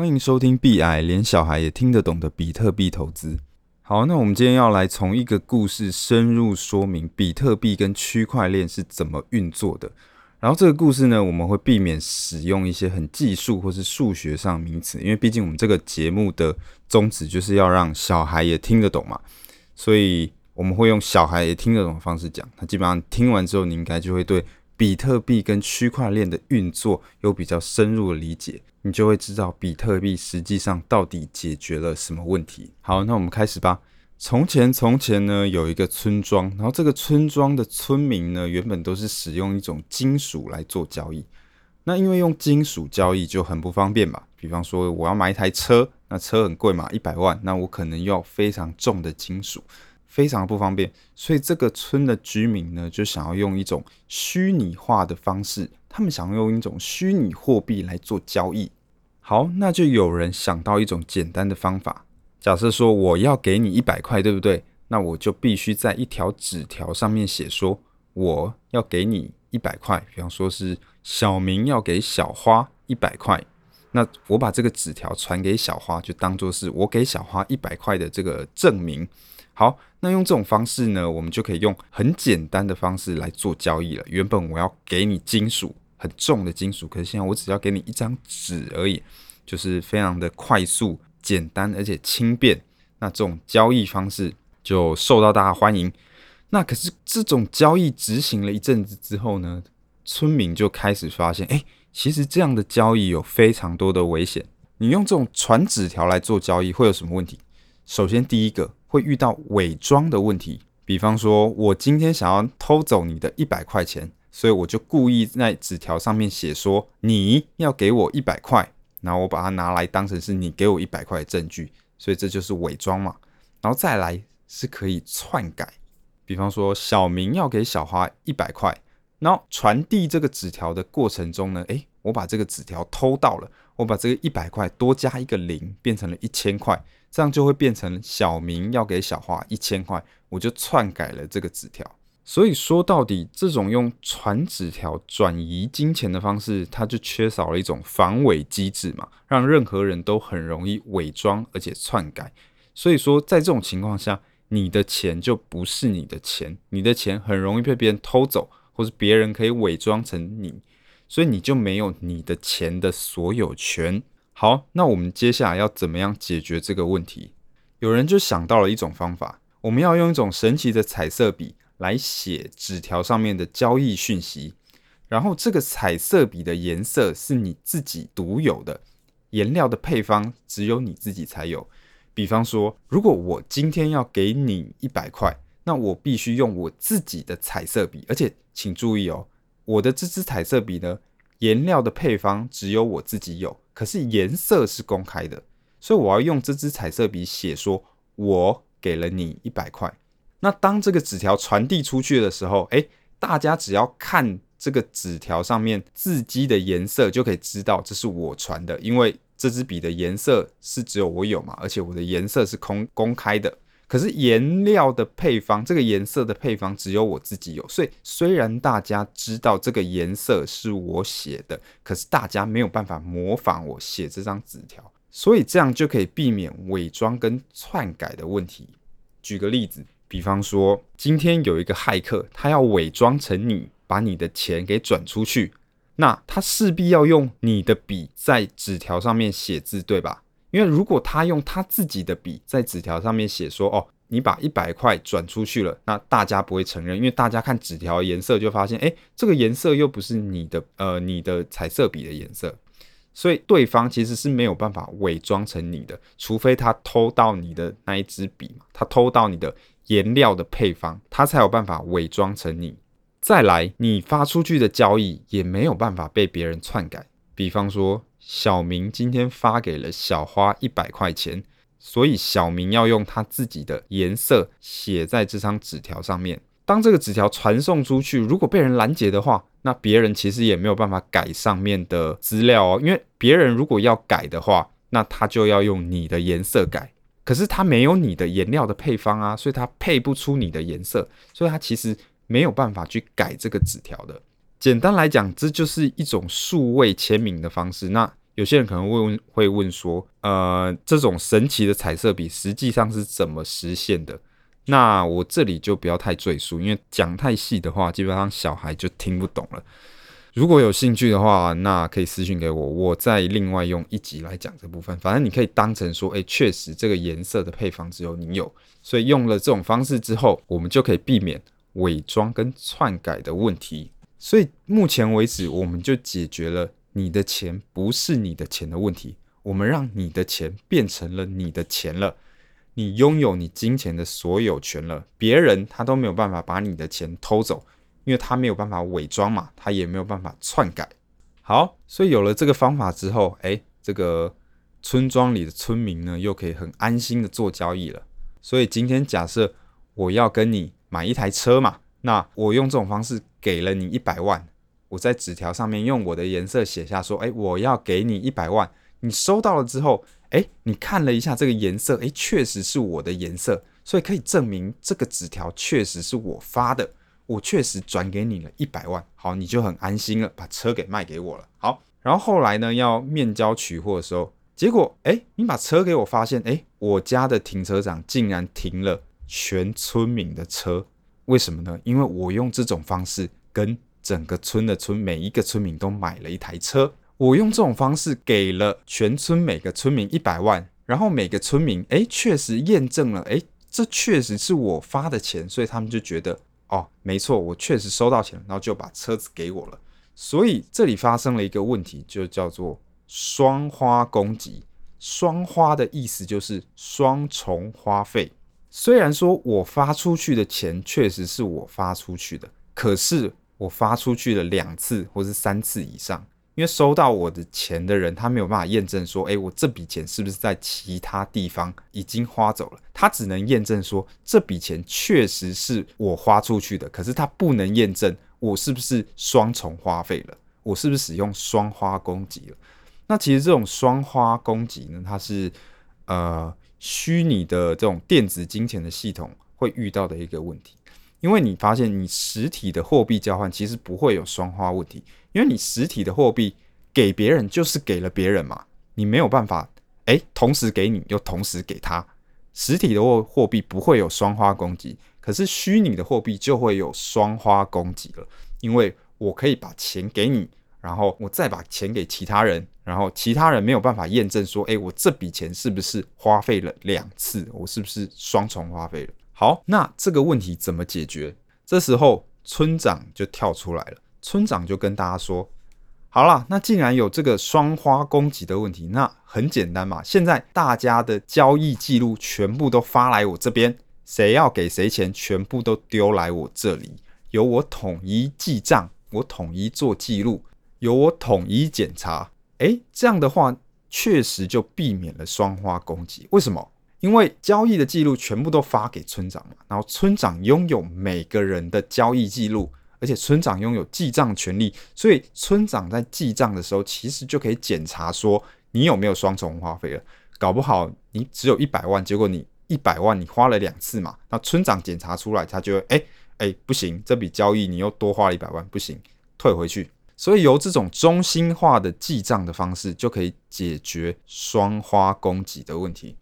歡迎收聽 B I 連小孩也聽得懂的比特幣投資。好，那我們今天要來從一個故事深入說明比特幣跟區塊鏈是怎麼運作的。然後這個故事呢，我們會避免使用一些很技術或是數學上的名詞，因為畢竟我們這個節目的宗旨就是要讓小孩也聽得懂嘛，所以我們會用小孩也聽得懂的方式講。他基本上聽完之後，你應該就會對比特幣跟區塊鏈的運作有比較深入的理解。你就會知道比特幣實際上到底解決了什麼問題。好，那我們開始吧。從前，從前呢，有一個村莊，然後這個村莊的村民呢，原本都是使用一種金屬來做交易。那因為用金屬交易就很不方便嘛，比方說我要買一台車，那車很貴嘛，一百萬，那我可能要非常重的金屬，非常不方便。所以這個村的居民呢，就想要用一種虛擬化的方式。他們想要用一種虛擬貨幣來做交易，好，那就有人想到一種簡單的方法。假設說我要給你一百塊，對不對？那我就必須在一條紙條上面寫說我要給你一百塊。比方說是小明要給小花一百塊，那我把這個紙條傳給小花，就當做是我給小花一百塊的這個證明。好，那用這種方式呢，我們就可以用很簡單的方式來做交易了。原本我要給你金屬。很重的金屬，可是現在我只要給你一張紙而已，就是非常的快速、簡單，而且輕便。那這種交易方式就受到大家歡迎。那可是這種交易執行了一陣子之後呢，村民就開始發現，哎、欸，其實這樣的交易有非常多的危險。你用這種傳紙條來做交易會有什麼問題？首先第一個會遇到偽裝的問題，比方說我今天想要偷走你的一百塊錢。所以我就故意在紙條上面寫說，你要給我一百塊，然後我把它拿來當成是你給我一百塊的證據，所以這就是偽裝嘛。然後再來是可以篡改，比方說小明要給小花一百塊，然後傳遞這個紙條的過程中呢，誒、欸，我把這個紙條偷到了，我把這個一百塊多加一個零，變成了一千塊，這樣就會變成小明要給小花一千塊，我就篡改了這個紙條。所以說到底，這種用傳紙條轉移金錢的方式，它就缺少了一種防偽機制嘛，讓任何人都很容易偽裝而且篡改。所以說，在這種情況下，你的錢就不是你的錢，你的錢很容易被別人偷走，或是別人可以偽裝成你，所以你就沒有你的錢的所有權。好，那我們接下來要怎麼樣解決這個問題？有人就想到了一種方法，我們要用一種神奇的彩色筆。來寫紙條上面的交易訊息，然後這個彩色筆的顏色是你自己獨有的，顏料的配方只有你自己才有。比方說，如果我今天要給你一百塊，那我必須用我自己的彩色筆，而且請注意哦，我的這支彩色筆呢，顏料的配方只有我自己有，可是顏色是公開的，所以我要用這支彩色筆寫說，我給了你一百塊。那當這個紙條傳遞出去的時候，哎、欸，大家只要看這個紙條上面字跡的顏色，就可以知道這是我傳的，因為這支筆的顏色是只有我有嘛，而且我的顏色是公公開的。可是顏料的配方，這個顏色的配方只有我自己有，所以雖然大家知道這個顏色是我寫的，可是大家沒有辦法模仿我寫這張紙條，所以這樣就可以避免偽裝跟篡改的問題。舉個例子。比方說，今天有一個駭客，他要偽裝成你，把你的錢給轉出去，那他勢必要用你的筆在紙條上面寫字，對吧？因為如果他用他自己的筆在紙條上面寫說“哦，你把一百塊轉出去了”，那大家不會承認，因為大家看紙條顏色就發現，欸，這個顏色又不是你的，呃，你的彩色筆的顏色，所以對方其實是沒有辦法偽裝成你的，除非他偷到你的那一支筆嘛，他偷到你的。顏料的配方，他才有辦法偽裝成你。再來，你發出去的交易也沒有辦法被別人篡改。比方說，小明今天發給了小花一百塊錢，所以小明要用他自己的顏色寫在這張紙條上面。當這個紙條傳送出去，如果被人攔截的話，那別人其實也沒有辦法改上面的資料哦，因為別人如果要改的話，那他就要用你的顏色改。可是它沒有你的顏料的配方啊，所以它配不出你的顏色，所以它其實沒有辦法去改這個紙條的。簡單來講，這就是一種數位簽名的方式。那有些人可能會會問說，呃，這種神奇的彩色筆實際上是怎麼實現的？那我這裡就不要太贅述，因為講太細的話，基本上小孩就聽不懂了。如果有興趣的話，那可以私信給我，我再另外用一集來講這部分。反正你可以當成說，哎、欸，確實這個顏色的配方只有你有，所以用了這種方式之後，我們就可以避免偽裝跟篡改的問題。所以目前為止，我們就解決了你的錢不是你的錢的問題，我們讓你的錢變成了你的錢了，你擁有你金錢的所有權了，別人他都沒有辦法把你的錢偷走。因為他沒有辦法偽裝嘛，他也沒有辦法篡改。好，所以有了這個方法之後，欸，這個村莊裡的村民呢，又可以很安心的做交易了。所以今天假設我要跟你買一台車嘛，那我用這種方式給了你一百萬，我在紙條上面用我的顏色寫下說，欸，我要給你一百萬。你收到了之後，欸，你看了一下這個顏色，欸，確實是我的顏色，所以可以證明這個紙條確實是我發的。我確實轉給你了一百萬，好，你就很安心了，把車給賣給我了。好，然後後來呢，要面交取貨的時候，結果哎，你把車給我發現，哎，我家的停車場竟然停了全村民的車，為什麼呢？因為我用這種方式跟整個村的村每一個村民都買了一台車，我用這種方式給了全村每個村民一百萬，然後每個村民哎，確實驗證了，哎，這確實是我發的錢，所以他們就覺得。哦，沒錯，我確實收到錢，然後就把車子給我了。所以這裡發生了一個問題，就叫做雙花攻擊。雙花的意思就是雙重花費。雖然說我發出去的錢確實是我發出去的，可是我發出去了兩次或是三次以上。因為收到我的錢的人，他沒有辦法驗證說，誒、欸，我這筆錢是不是在其他地方已經花走了？他只能驗證說這筆錢確實是我花出去的，可是他不能驗證我是不是雙重花費了，我是不是使用雙花攻擊了？那其實這種雙花攻擊呢，它是呃虛擬的這種電子金錢的系統會遇到的一個問題。因為你發現，你實體的貨幣交換其實不會有雙花問題，因為你實體的貨幣給別人就是給了別人嘛，你沒有辦法，哎、欸，同時給你又同時給他，實體的貨貨幣不會有雙花攻擊，可是虛擬的貨幣就會有雙花攻擊了，因為我可以把錢給你，然後我再把錢給其他人，然後其他人沒有辦法驗證說，哎、欸，我這筆錢是不是花費了兩次，我是不是雙重花費了。好，那這個問題怎麼解決？這時候村長就跳出來了，村長就跟大家說：“好啦，那既然有這個雙花攻擊的問題，那很簡單嘛。現在大家的交易記錄全部都發來我這邊，誰要給誰錢，全部都丟來我這裡，由我統一記賬，我統一做記錄，由我統一檢查。誒、欸，這樣的話確實就避免了雙花攻擊。為什麼？”因為交易的記錄全部都發給村長嘛，然後村長擁有每個人的交易記錄，而且村長擁有記賬權利，所以村長在記賬的時候，其實就可以檢查說你有沒有雙重花費了。搞不好你只有一百萬，結果你一百萬你花了兩次嘛，那村長檢查出來，他就會哎哎、欸欸、不行，這筆交易你又多花了一百萬，不行，退回去。所以由這種中心化的記賬的方式，就可以解決雙花攻擊的問題。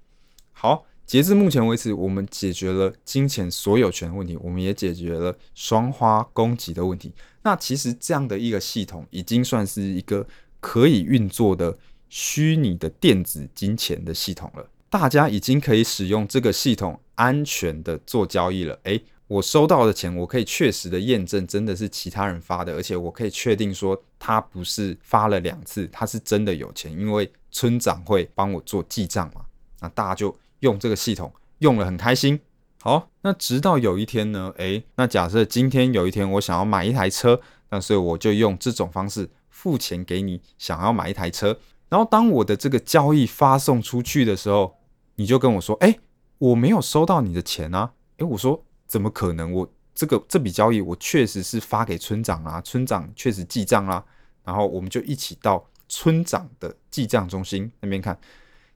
好，截至目前為止，我們解決了金錢所有權問題，我們也解決了雙花攻擊的問題。那其實這樣的一個系統，已經算是一個可以運作的虛擬的電子金錢的系統了。大家已經可以使用這個系統安全的做交易了。誒、欸，我收到的錢，我可以確實的驗證，真的是其他人發的，而且我可以確定說，他不是發了兩次，他是真的有錢，因為村長會幫我做記賬嘛。那大家就。用這個系統用了很開心。好，那直到有一天呢，欸，那假設今天有一天我想要買一台車，那所以我就用這種方式付錢給你，想要買一台車。然後當我的這個交易發送出去的時候，你就跟我說：“欸，我沒有收到你的錢啊！”欸，我說：“怎麼可能？我這個這筆交易我確實是發給村長啊，村長確實記賬啦。”然後我們就一起到村長的記賬中心那邊看，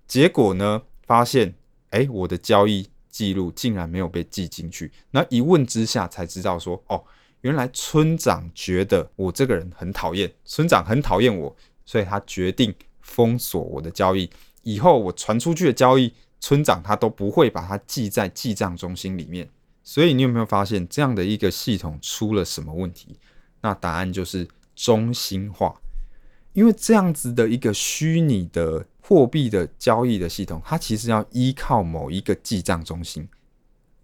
結果呢，發現。誒、欸，我的交易記錄竟然沒有被記進去。那一問之下才知道說，說哦，原來村長覺得我這個人很討厭，村長很討厭我，所以他決定封鎖我的交易。以後我傳出去的交易，村長他都不會把它記在記賬中心裡面。所以你有沒有發現這樣的一個系統出了什麼問題？那答案就是中心化，因為這樣子的一個虛擬的。貨幣的交易的系統，它其實要依靠某一個記賬中心。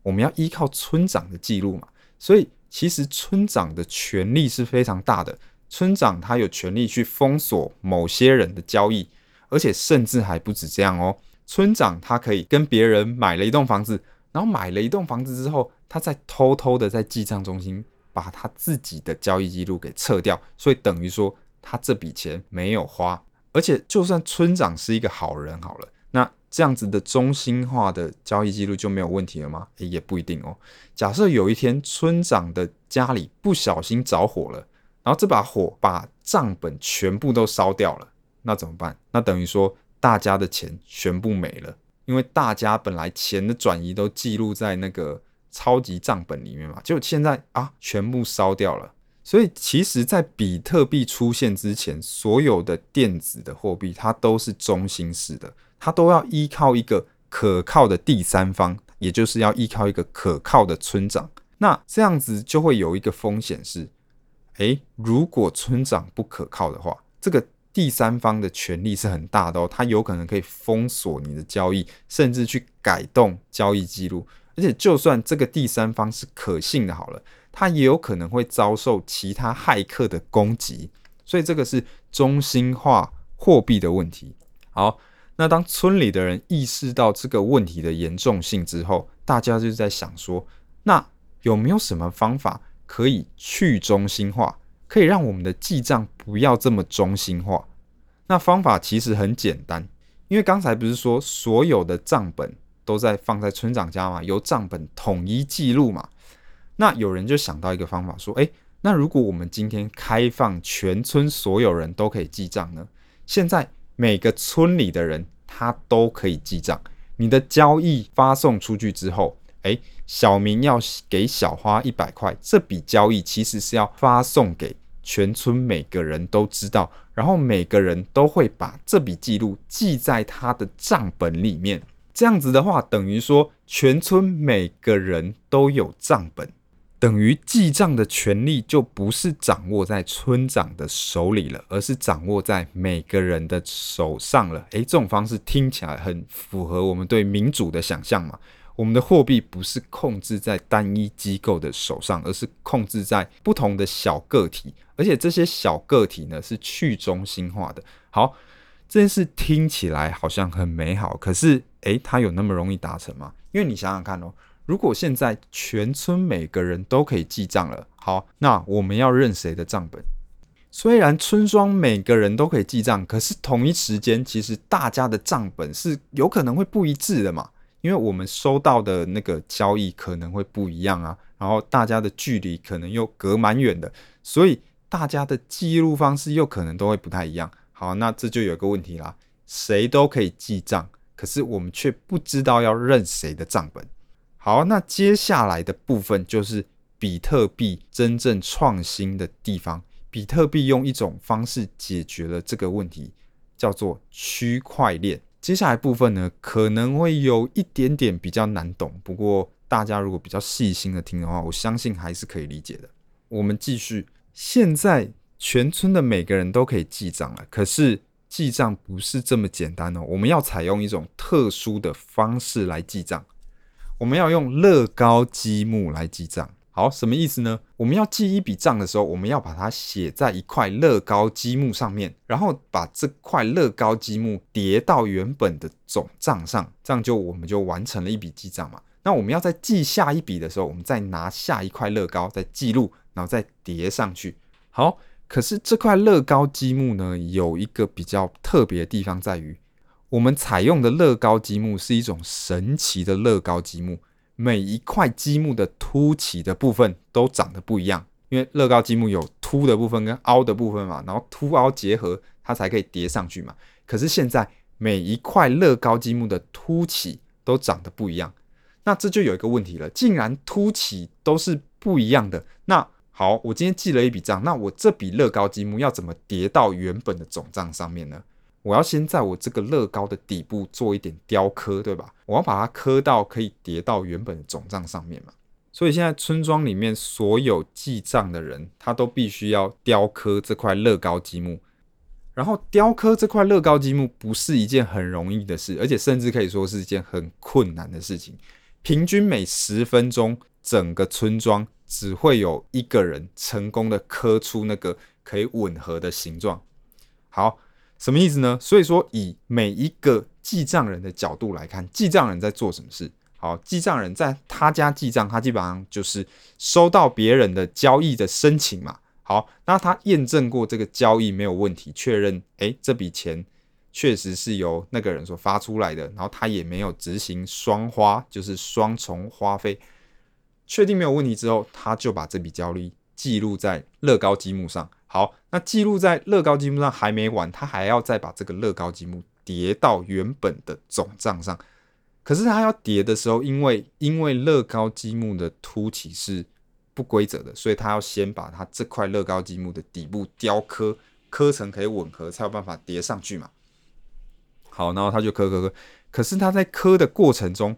我們要依靠村長的記錄嘛，所以其實村長的權力是非常大的。村長他有權利去封鎖某些人的交易，而且甚至還不止這樣哦。村長他可以跟別人買了一棟房子，然後買了一棟房子之後，他再偷偷的在記賬中心把他自己的交易記錄給撤掉，所以等於說他這筆錢沒有花。而且，就算村長是一個好人好了，那這樣子的中心化的交易記錄就沒有問題了嗎？欸，也不一定哦。假設有一天村長的家裡不小心着火了，然後這把火把賬本全部都燒掉了，那怎麼辦？那等於說大家的錢全部沒了，因為大家本來錢的轉移都記錄在那個超級賬本裡面嘛，就現在啊，全部燒掉了。所以，其實，在比特幣出現之前，所有的電子的貨幣，它都是中心式的，它都要依靠一個可靠的第三方，也就是要依靠一個可靠的村長。那這樣子就會有一個風險是，欸，如果村長不可靠的話，這個第三方的權力是很大的哦，他有可能可以封鎖你的交易，甚至去改動交易記錄。而且，就算這個第三方是可信的，好了。它也有可能會遭受其他駭客的攻擊，所以這個是中心化貨幣的問題。好，那當村裡的人意識到這個問題的嚴重性之後，大家就在想說，那有沒有什麼方法可以去中心化，可以讓我們的記賬不要這麼中心化？那方法其實很簡單，因為剛才不是說所有的賬本都在放在村長家嘛，由賬本統一記錄嘛。那有人就想到一個方法，說：“哎、欸，那如果我們今天開放全村所有人都可以記賬呢？現在每個村裡的人他都可以記賬。你的交易發送出去之後，哎、欸，小明要給小花一百塊，這筆交易其實是要發送給全村每個人都知道，然後每個人都會把這筆記錄記在他的賬本裡面。這樣子的話，等於說全村每個人都有賬本。”等於記賬的權利就不是掌握在村長的手裡了，而是掌握在每個人的手上了。哎，這種方式聽起來很符合我們對民主的想象嘛？我們的貨幣不是控制在單一機構的手上，而是控制在不同的小個體，而且這些小個體呢，是去中心化的。好，這件事聽起來好像很美好，可是，哎，它有那麼容易達成嗎？因為你想想看囉。如果現在全村每個人都可以記賬了，好，那我們要認誰的賬本？雖然村莊每個人都可以記賬，可是同一時間，其實大家的賬本是有可能會不一致的嘛？因為我們收到的那個交易可能會不一樣啊，然後大家的距離可能又隔蠻遠的，所以大家的記錄方式又可能都會不太一樣。好，那這就有個問題啦：誰都可以記賬，可是我們卻不知道要認誰的賬本。好，那接下來的部分就是比特幣真正創新的地方。比特幣用一種方式解決了這個問題，叫做區塊鏈。接下來的部分呢，可能會有一點點比較難懂，不過大家如果比較細心的聽的話，我相信還是可以理解的。我們繼續，現在全村的每個人都可以記賬了。可是記賬不是這麼簡單哦，我們要採用一種特殊的方式來記賬。我們要用樂高積木來記賬，好，什麼意思呢？我們要記一筆賬的時候，我們要把它寫在一塊樂高積木上面，然後把這塊樂高積木疊到原本的總賬上，這樣就我們就完成了一筆記賬嘛。那我們要再記下一筆的時候，我們再拿下一塊樂高，再記錄，然後再疊上去。好，可是這塊樂高積木呢，有一個比較特別的地方在於。我們採用的樂高積木是一種神奇的樂高積木，每一塊積木的凸起的部分都長得不一樣，因為樂高積木有凸的部分跟凹的部分嘛，然後凸凹結合，它才可以疊上去嘛。可是現在每一塊樂高積木的凸起都長得不一樣，那這就有一個問題了，既然凸起都是不一樣的，那好，我今天記了一筆賬，那我這筆樂高積木要怎麼疊到原本的總賬上面呢？我要先在我這個樂高的底部做一點雕刻，對吧？我要把它刻到可以疊到原本的總賬上面嘛。所以現在村莊裡面所有記賬的人，他都必須要雕刻這塊樂高積木。然後雕刻這塊樂高積木不是一件很容易的事，而且甚至可以說是一件很困難的事情。平均每十分鐘，整個村莊只會有一個人成功的刻出那個可以吻合的形狀。好。什麼意思呢？所以說，以每一個記賬人的角度來看，記賬人在做什麼事？好，記賬人在他家記賬，他基本上就是收到別人的交易的申請嘛。好，那他驗證過這個交易沒有問題，確認誒、欸、這筆錢確實是由那個人所發出來的，然後他也沒有執行雙花，就是雙重花費，確定沒有問題之後，他就把這筆交易，記錄在樂高積木上。好，那記錄在樂高積木上還沒完，他還要再把這個樂高積木疊到原本的總賬上。可是他要疊的時候因，因為因為樂高積木的凸起是不規則的，所以他要先把他這塊樂高積木的底部雕刻，刻成可以吻合，才有辦法疊上去嘛。好，然後他就刻刻刻，可是他在刻的過程中，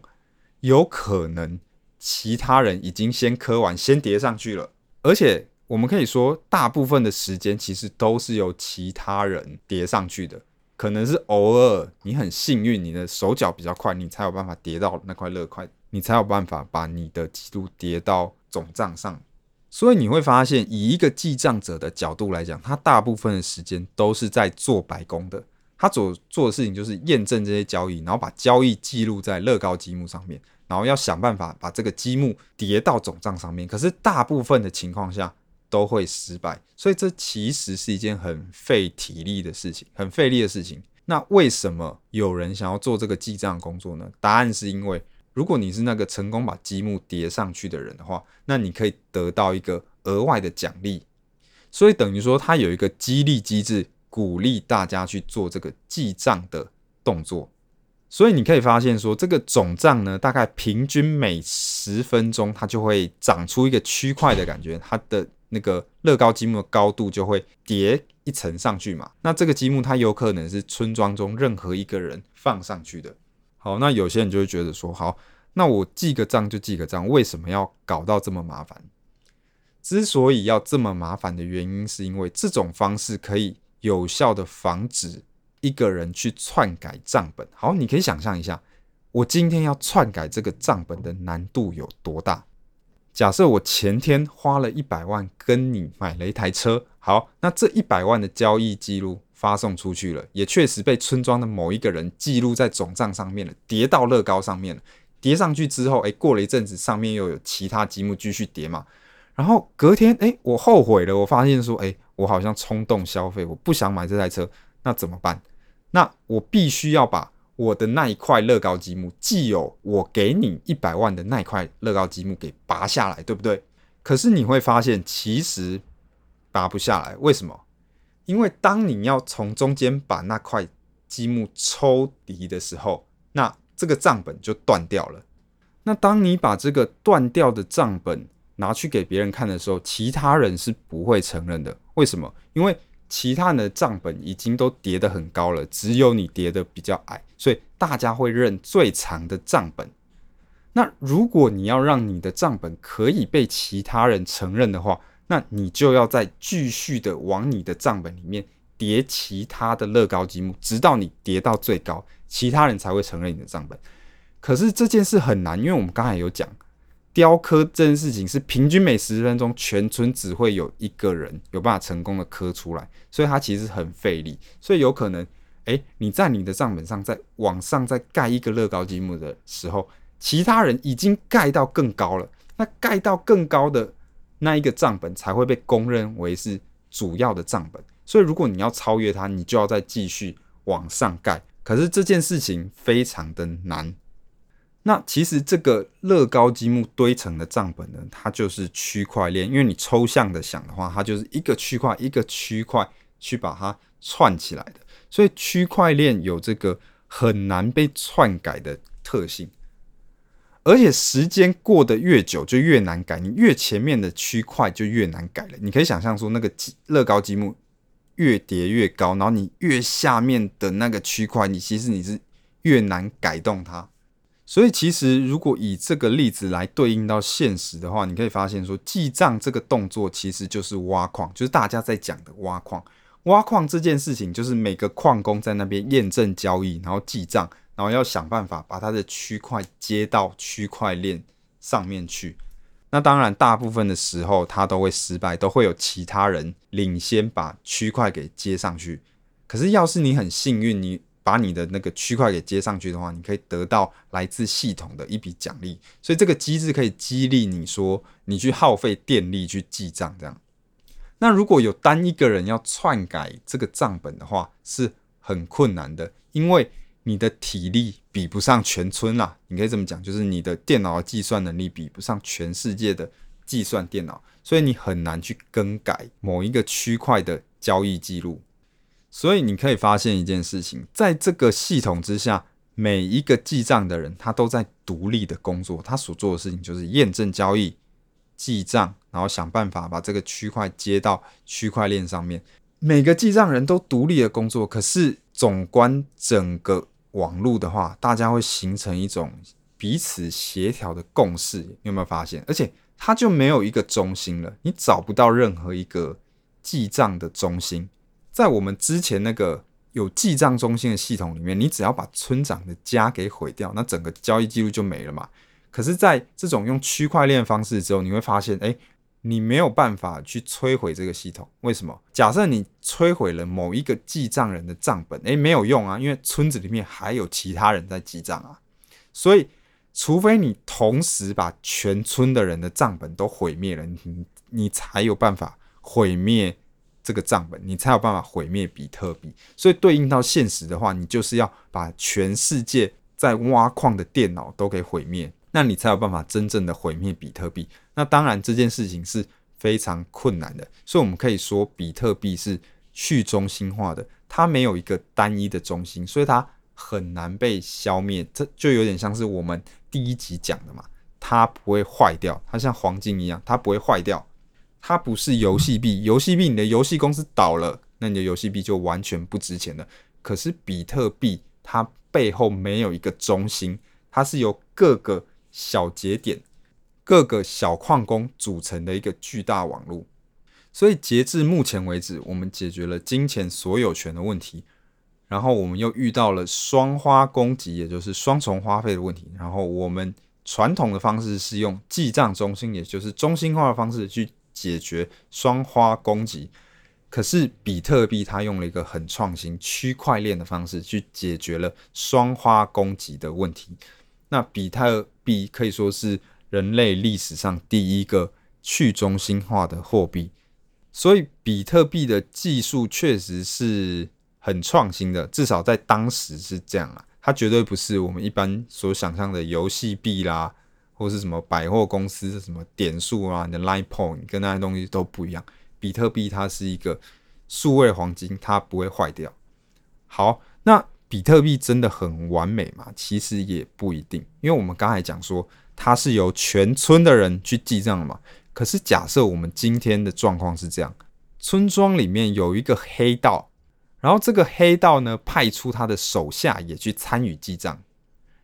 有可能其他人已經先刻完，先疊上去了。而且我們可以說，大部分的時間其實都是由其他人疊上去的。可能是偶爾你很幸運，你的手腳比較快，你才有辦法疊到那塊樂塊，你才有辦法把你的記錄疊到總賬上。所以你會發現，以一個記賬者的角度來講，他大部分的時間都是在做白工的。他所做的事情就是驗證這些交易，然後把交易記錄在樂高積木上面。然後要想辦法把這個積木疊到總賬上面，可是大部分的情況下都會失敗，所以這其實是一件很費體力的事情，很費力的事情。那為什麼有人想要做這個記賬工作呢？答案是因為，如果你是那個成功把積木疊上去的人的話，那你可以得到一個額外的獎勵。所以等於說它有一個激勵機制，鼓勵大家去做這個記賬的動作。所以你可以發現說，這個總賬呢，大概平均每十分鐘它就會長出一個區塊的感覺，它的那個樂高積木的高度就會疊一層上去嘛。那這個積木它有可能是村莊中任何一個人放上去的。好，那有些人就會覺得說，好，那我記個賬就記個賬，為什麼要搞到這麼麻煩？之所以要這麼麻煩的原因，是因為這種方式可以有效的防止。一個人去篡改賬本，好，你可以想象一下，我今天要篡改這個賬本的難度有多大？假設我前天花了一百萬跟你買了一台車，好，那這一百萬的交易記錄發送出去了，也確實被村莊的某一個人記錄在總賬上面了，疊到樂高上面了，疊上去之後，哎、欸，過了一陣子，上面又有其他積木繼續疊嘛，然後隔天，哎、欸，我後悔了，我發現說，哎、欸，我好像衝動消費，我不想買這台車，那怎麼辦？那我必須要把我的那一塊樂高積木，既有我給你一百萬的那一塊樂高積木給拔下來，對不對？可是你會發現，其實拔不下來。為什麼？因為當你要從中間把那塊積木抽離的時候，那這個賬本就斷掉了。那當你把這個斷掉的賬本拿去給別人看的時候，其他人是不會承認的。為什麼？因為。其他人的賬本已經都疊得很高了，只有你疊得比較矮，所以大家會認最長的賬本。那如果你要讓你的賬本可以被其他人承認的話，那你就要再繼續的往你的賬本裡面疊其他的樂高積木，直到你疊到最高，其他人才會承認你的賬本。可是這件事很難，因為我們剛才有講。雕刻這件事情是平均每十分鐘，全村只會有一個人有辦法成功的刻出來，所以它其實很費力。所以有可能，哎、欸，你在你的賬本上，再往上再蓋一個樂高積木的時候，其他人已經蓋到更高了。那蓋到更高的那一個賬本才會被公認為是主要的賬本。所以如果你要超越它，你就要再繼續往上蓋。可是這件事情非常的難。那其實這個樂高積木堆成的賬本呢，它就是區塊鏈。因為你抽象的想的話，它就是一個區塊一個區塊去把它串起來的。所以區塊鏈有這個很難被篡改的特性，而且時間過得越久就越難改，你越前面的區塊就越難改了。你可以想象說，那個積樂高積木越疊越高，然後你越下面的那個區塊，你其實你是越難改動它。所以，其實如果以這個例子來對應到現實的話，你可以發現說，記賬這個動作其實就是挖礦，就是大家在講的挖礦。挖礦這件事情，就是每個礦工在那邊驗證交易，然後記賬，然後要想辦法把他的區塊接到區塊鏈上面去。那當然，大部分的時候他都會失敗，都會有其他人領先把區塊給接上去。可是，要是你很幸運，你把你的那個區塊給接上去的話，你可以得到來自系統的一筆獎勵。所以這個機制可以激勵你說你去耗費電力去記賬這樣。那如果有單一個人要篡改這個賬本的話，是很困難的，因為你的體力比不上全村啦。你可以這麼講，就是你的電腦的計算能力比不上全世界的計算電腦，所以你很難去更改某一個區塊的交易記錄。所以你可以發現一件事情，在這個系統之下，每一個記賬的人他都在獨立的工作，他所做的事情就是驗證交易、記賬，然後想辦法把這個區塊接到區塊鏈上面。每個記賬人都獨立的工作，可是縱觀整個網絡的話，大家會形成一種彼此協調的共識。你有沒有發現？而且它就沒有一個中心了，你找不到任何一個記賬的中心。在我們之前那個有記賬中心的系統裡面，你只要把村長的家給毀掉，那整個交易記錄就沒了嘛。可是，在這種用區塊鏈方式之後，你會發現，哎，你沒有辦法去摧毀這個系統。為什麼？假設你摧毀了某一個記賬人的賬本，哎，沒有用啊，因為村子裡面還有其他人在記賬啊。所以，除非你同時把全村的人的賬本都毀滅了，你你才有辦法毀滅。這個賬本，你才有辦法毀滅比特幣。所以對應到現實的話，你就是要把全世界在挖礦的電腦都給毀滅，那你才有辦法真正的毀滅比特幣。那當然這件事情是非常困難的。所以我們可以說，比特幣是去中心化的，它沒有一個單一的中心，所以它很難被消滅。這就有點像是我們第一集講的嘛，它不會壞掉，它像黃金一樣，它不會壞掉。它不是遊戲幣，遊戲幣你的遊戲公司倒了，那你的遊戲幣就完全不值錢了。可是比特幣它背後沒有一個中心，它是由各個小節點、各個小礦工組成的一個巨大網絡。所以截至目前為止，我們解決了金錢所有權的問題，然後我們又遇到了雙花攻擊，也就是雙重花費的問題。然後我們傳統的方式是用記賬中心，也就是中心化的方式去。解決雙花攻擊，可是比特幣它用了一個很創新區塊鏈的方式去解決了雙花攻擊的問題。那比特幣可以說是人類歷史上第一個去中心化的貨幣，所以比特幣的技術確實是很創新的，至少在當時是這樣啊。它絕對不是我們一般所想象的遊戲幣啦。或是什麼百貨公司、什麼點數啊、你的 line point，跟那些東西都不一樣。比特幣它是一個數位黃金，它不會壞掉。好，那比特幣真的很完美嗎？其實也不一定，因為我們剛才講說，它是由全村的人去記賬的嘛。可是假設我們今天的狀況是這樣，村莊裡面有一個黑道，然後這個黑道呢，派出他的手下也去參與記賬。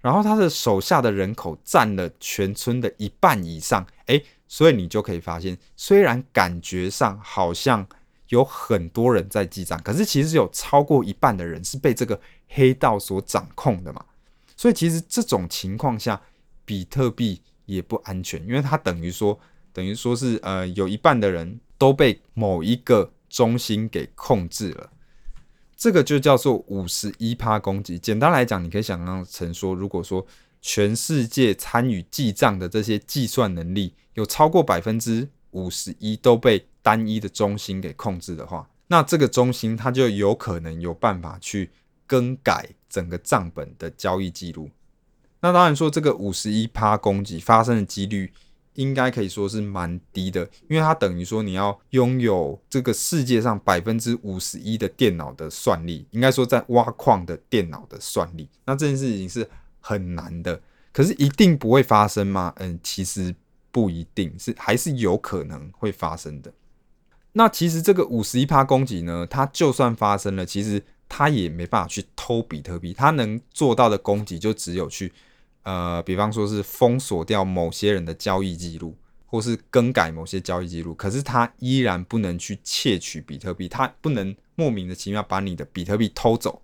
然後他的手下的人口占了全村的一半以上，哎，所以你就可以發現，雖然感覺上好像有很多人在記賬，可是其實有超過一半的人是被這個黑道所掌控的嘛。所以其實這種情況下，比特幣也不安全，因為它等於說等於說是呃有一半的人都被某一個中心給控制了。這個就叫做五十一趴攻擊。簡單來講，你可以想象成說，如果說全世界參與記賬的這些計算能力有超過百分之五十一都被單一的中心給控制的話，那這個中心它就有可能有辦法去更改整個賬本的交易記錄。那當然說，這個五十一趴攻擊發生的幾率。應該可以說是蠻低的，因為它等於說你要擁有這個世界上百分之五十一的電腦的算力，應該說在挖礦的電腦的算力，那這件事情是很難的。可是一定不會發生嗎？嗯，其實不一定是，還是有可能會發生的。那其實這個五十一趴攻擊呢，它就算發生了，其實它也沒辦法去偷比特幣，它能做到的攻擊就只有去。呃，比方說是封鎖掉某些人的交易記錄，或是更改某些交易記錄，可是他依然不能去竊取比特幣，他不能莫名其妙把你的比特幣偷走。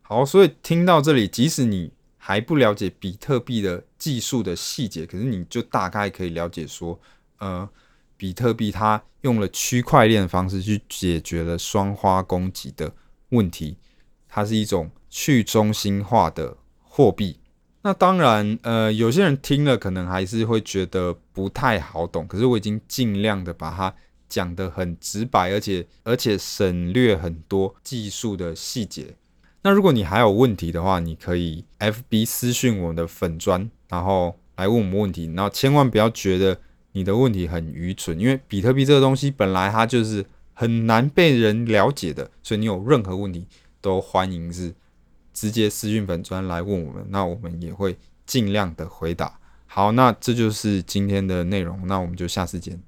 好，所以聽到這裡，即使你還不了解比特幣的技術的細節，可是你就大概可以了解說，呃，比特幣它用了區塊鏈的方式去解決了雙花攻擊的問題，它是一種去中心化的貨幣。那當然，呃，有些人聽了可能還是會覺得不太好懂，可是我已經盡量的把它講得很直白，而且而且省略很多技術的細節。那如果你還有問題的話，你可以 FB 私訊我們的粉專，然後來問我們問題，然後千萬不要覺得你的問題很愚蠢，因為比特幣這個東西本來它就是很難被人了解的，所以你有任何問題都歡迎是，直接私訊粉專來問我們，那我們也會盡量的回答。好，那這就是今天的內容，那我們就下次見。